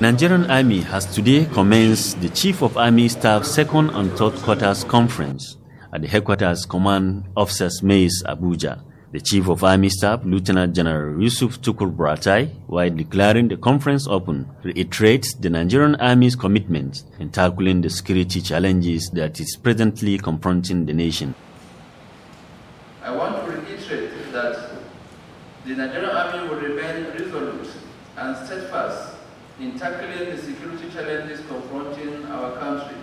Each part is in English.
Nigerian Army has today commenced the Chief of Army Staff Second and Third Quarters Conference at the Headquarters Command Officers Maize, Abuja. The Chief of Army Staff, Lieutenant General Yusuf Tukur Buratai, while declaring the conference open, reiterates the Nigerian Army's commitment in tackling the security challenges that is presently confronting the nation. I want to reiterate that the Nigerian Army will remain resolute and steadfast in tackling the security challenges confronting our country.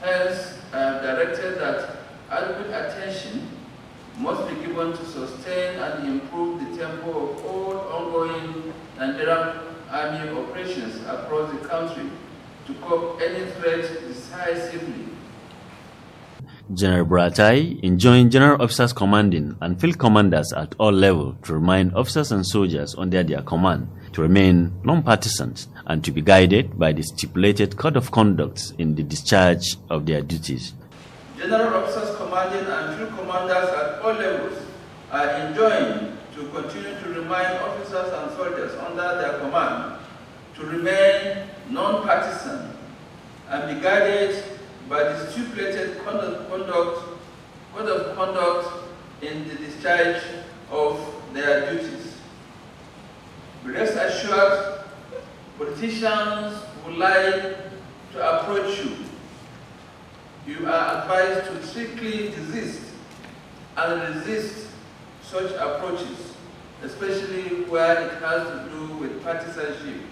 Hence, I have directed that adequate attention must be given to sustain and improve the tempo of all ongoing Nigerian Army operations across the country to cope any threat decisively General Bratai enjoined general officers commanding and field commanders at all levels to remind officers and soldiers under their command to remain non-partisan and to be guided by the stipulated code of conduct in the discharge of their duties. General officers commanding and field commanders at all levels are enjoined to continue to remind officers and soldiers under their command to remain non-partisan and be guided by the stipulated code of conduct, code of conduct in the discharge of their duties. Rest assured, politicians would like to approach you. You are advised to strictly desist and resist such approaches, especially where it has to do with partisanship.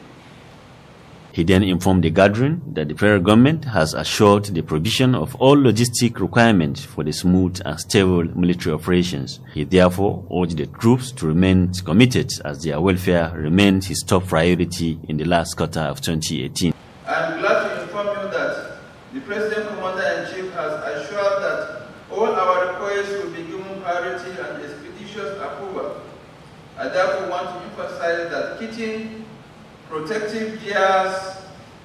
He then informed the gathering that the federal government has assured the provision of all logistic requirements for the smooth and stable military operations. He therefore urged the troops to remain committed as their welfare remained his top priority in the last quarter of 2018. I'm glad to inform you that the President Commander-in-Chief has assured that all our requests will be given priority and expeditious approval. I therefore want to emphasize that keeping protective gears,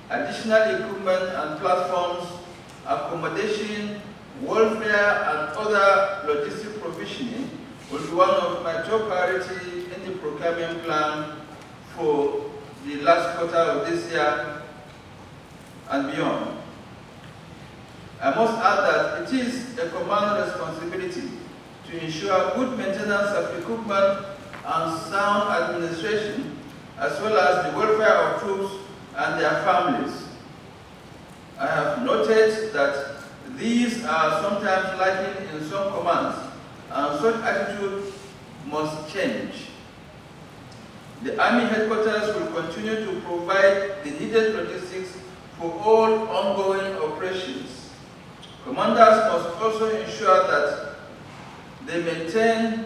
additional equipment and platforms, accommodation, welfare and other logistic provisioning will be one of my top priorities in the procurement plan for the last quarter of this year and beyond. I must add that it is a command responsibility to ensure good maintenance of equipment and sound administration as well as the welfare of troops and their families. I have noted that these are sometimes lacking in some commands, and such attitude must change. The Army headquarters will continue to provide the needed logistics for all ongoing operations. Commanders must also ensure that they maintain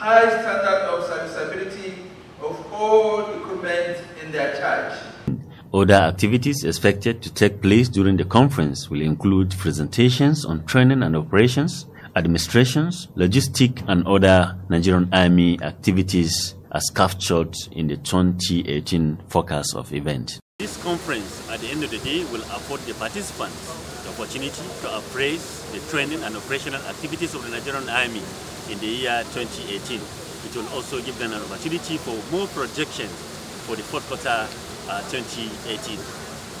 high standard of serviceability of all equipment in their charge. Other activities expected to take place during the conference will include presentations on training and operations, administrations, logistics, and other Nigerian Army activities as captured in the 2018 forecast of event. This conference, at the end of the day, will afford the participants opportunity to appraise the training and operational activities of the Nigerian Army in the year 2018. It will also give them an opportunity for more projections for the fourth quarter uh, 2018.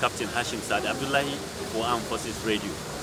Captain Hashim Saad Abdullahi for Armed Forces Radio.